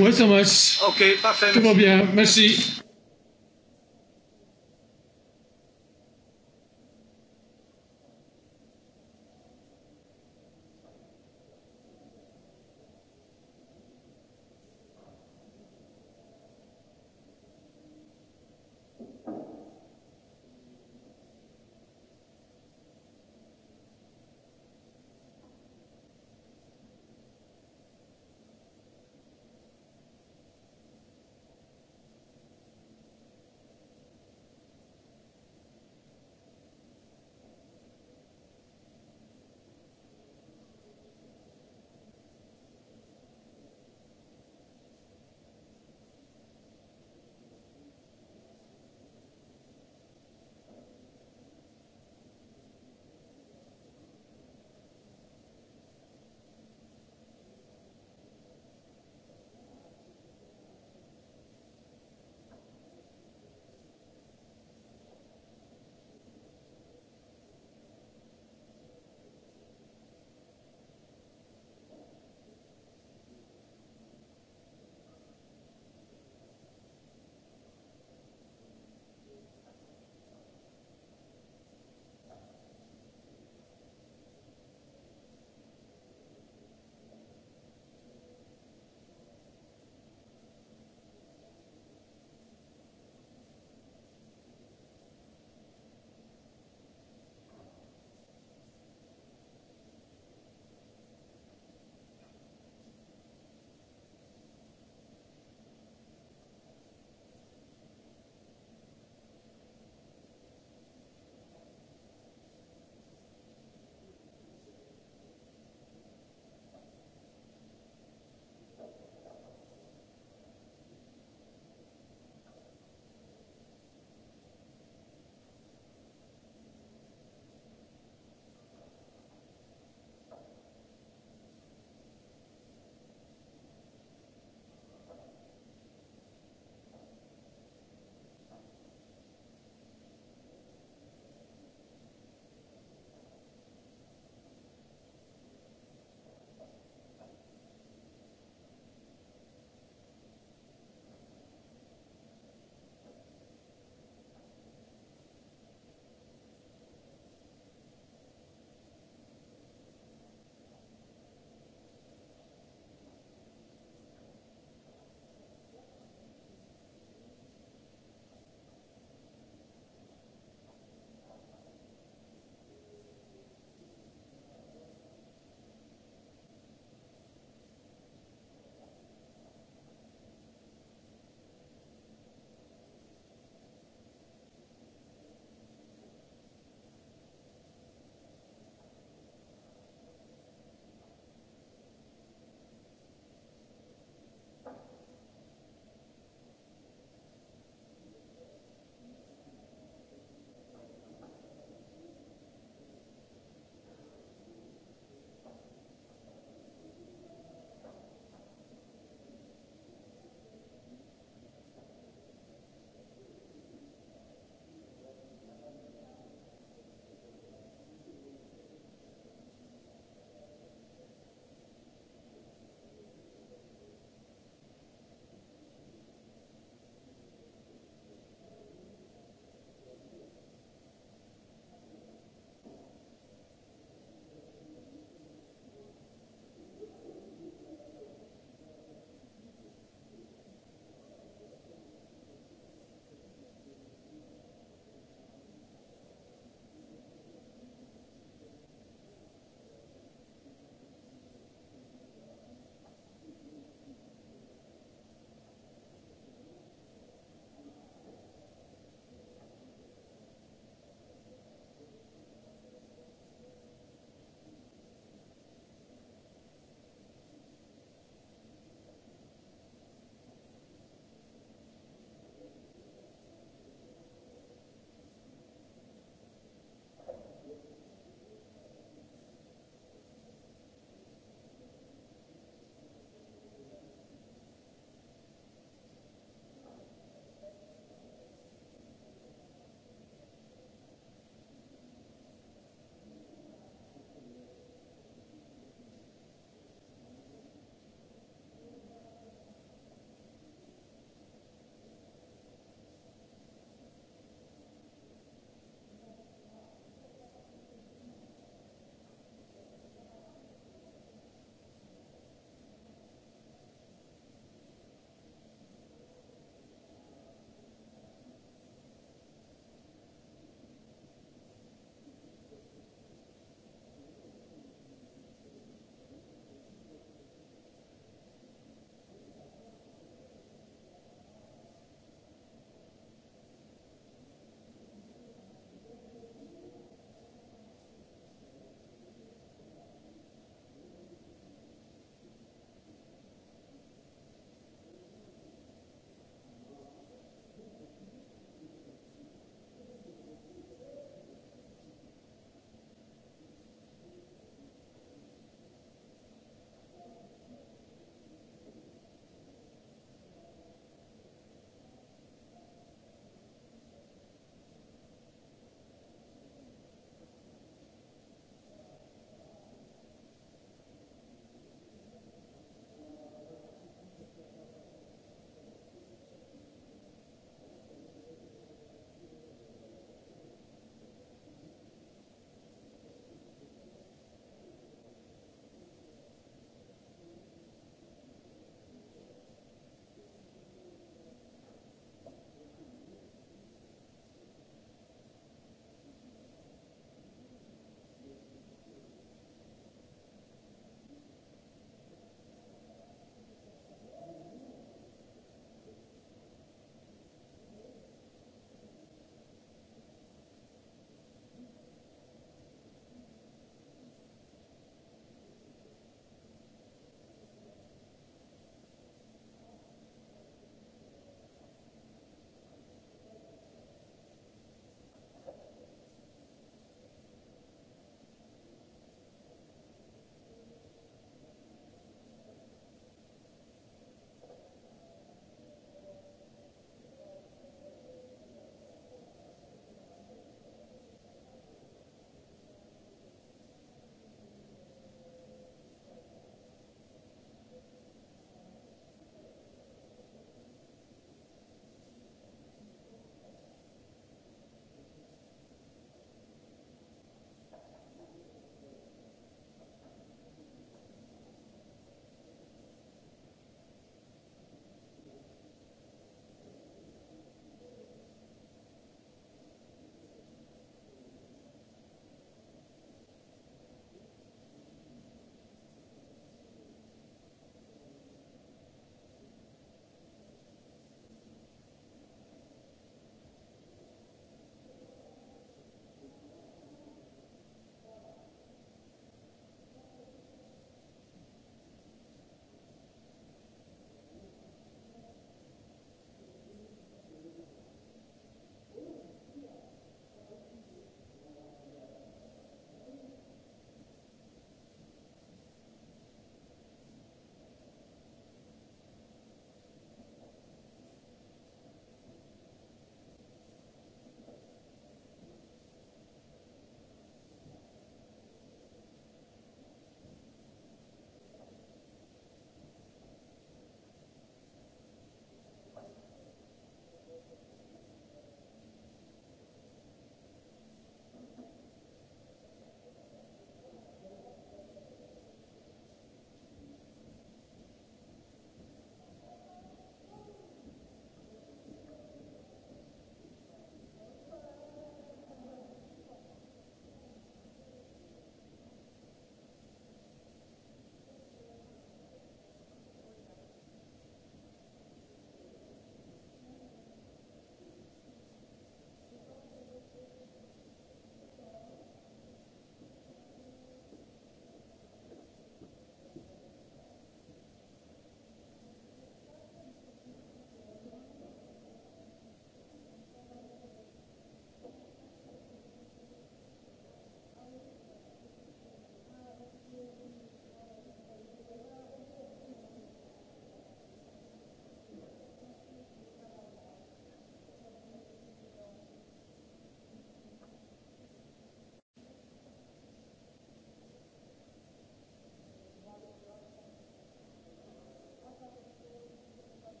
Ouais, ça Ok, parfait. Tout va bien. Merci.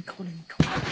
למיקרו, למיקרו.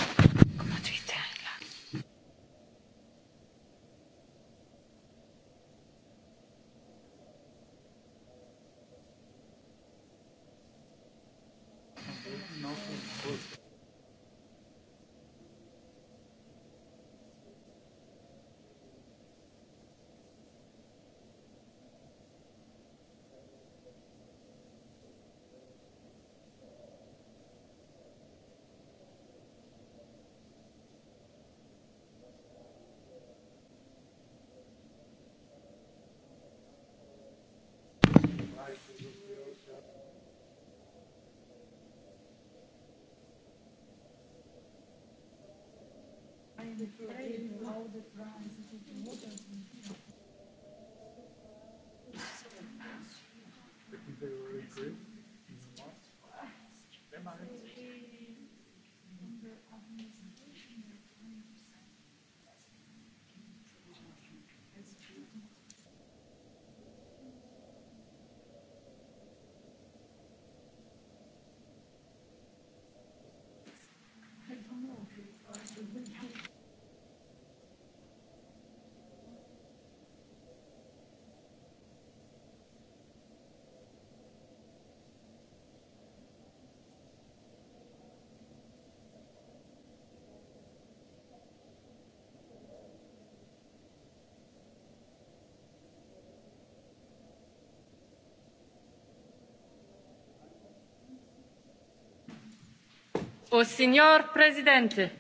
O signor Presidente.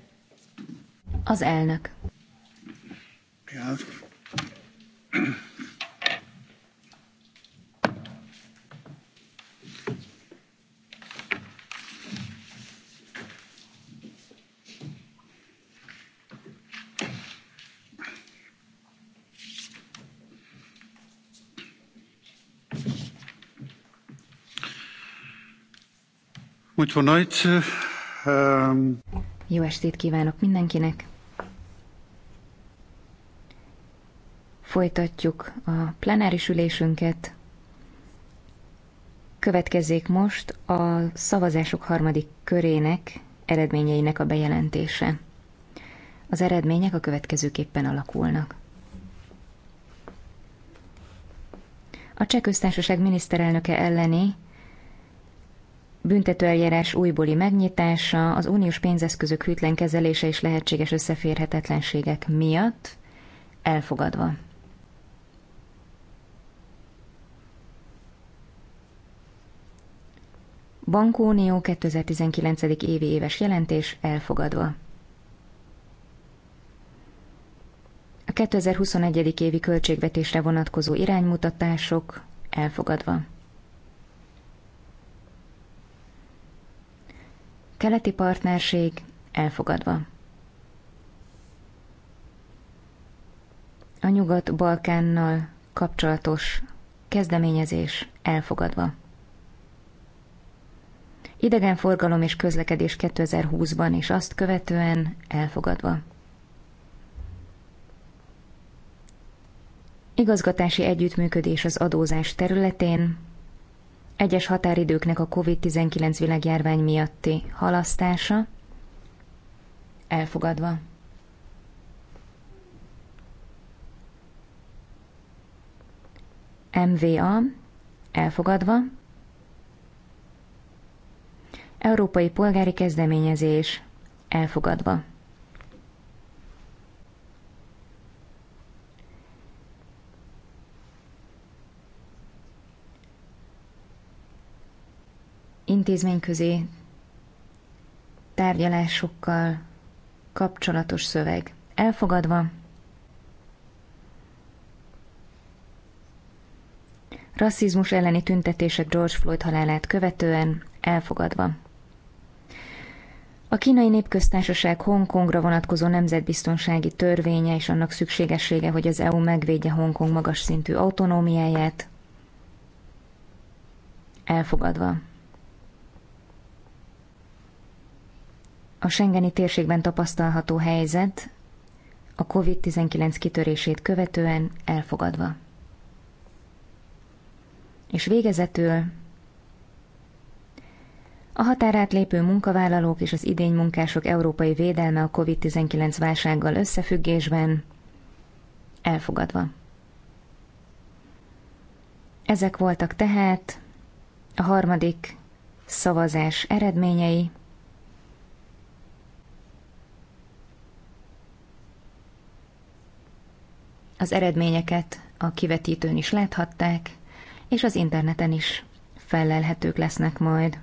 Az elnök. Ja. Muito van noite. Um... Jó estét kívánok mindenkinek! Folytatjuk a plenáris ülésünket. Következzék most a szavazások harmadik körének eredményeinek a bejelentése. Az eredmények a következőképpen alakulnak. A Cseh Köztársaság miniszterelnöke elleni büntetőeljárás újbóli megnyitása, az uniós pénzeszközök hűtlen kezelése és lehetséges összeférhetetlenségek miatt elfogadva. Bankónió 2019. évi éves jelentés elfogadva. A 2021. évi költségvetésre vonatkozó iránymutatások elfogadva. Keleti partnerség elfogadva. A Nyugat-Balkánnal kapcsolatos kezdeményezés elfogadva. Idegenforgalom és közlekedés 2020-ban és azt követően elfogadva. Igazgatási együttműködés az adózás területén egyes határidőknek a COVID-19 világjárvány miatti halasztása elfogadva. MVA elfogadva. Európai polgári kezdeményezés elfogadva. intézményközi tárgyalásokkal kapcsolatos szöveg. Elfogadva rasszizmus elleni tüntetések George Floyd halálát követően elfogadva. A kínai népköztársaság Hongkongra vonatkozó nemzetbiztonsági törvénye és annak szükségessége, hogy az EU megvédje Hongkong magas szintű autonómiáját, elfogadva. A Schengeni térségben tapasztalható helyzet a COVID-19 kitörését követően elfogadva. És végezetül a határát lépő munkavállalók és az idény munkások európai védelme a COVID-19 válsággal összefüggésben elfogadva. Ezek voltak tehát a harmadik szavazás eredményei. Az eredményeket a kivetítőn is láthatták, és az interneten is felelhetők lesznek majd.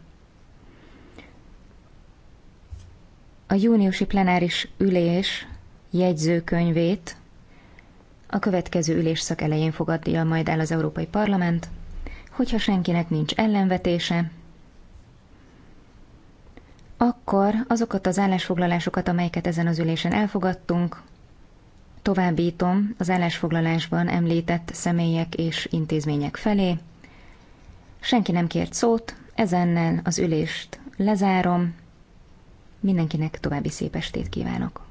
A júniusi plenáris ülés jegyzőkönyvét a következő ülésszak elején fogadja majd el az Európai Parlament, hogyha senkinek nincs ellenvetése, akkor azokat az állásfoglalásokat, amelyeket ezen az ülésen elfogadtunk, továbbítom az állásfoglalásban említett személyek és intézmények felé. Senki nem kért szót, ezennel az ülést lezárom. Mindenkinek további szép estét kívánok!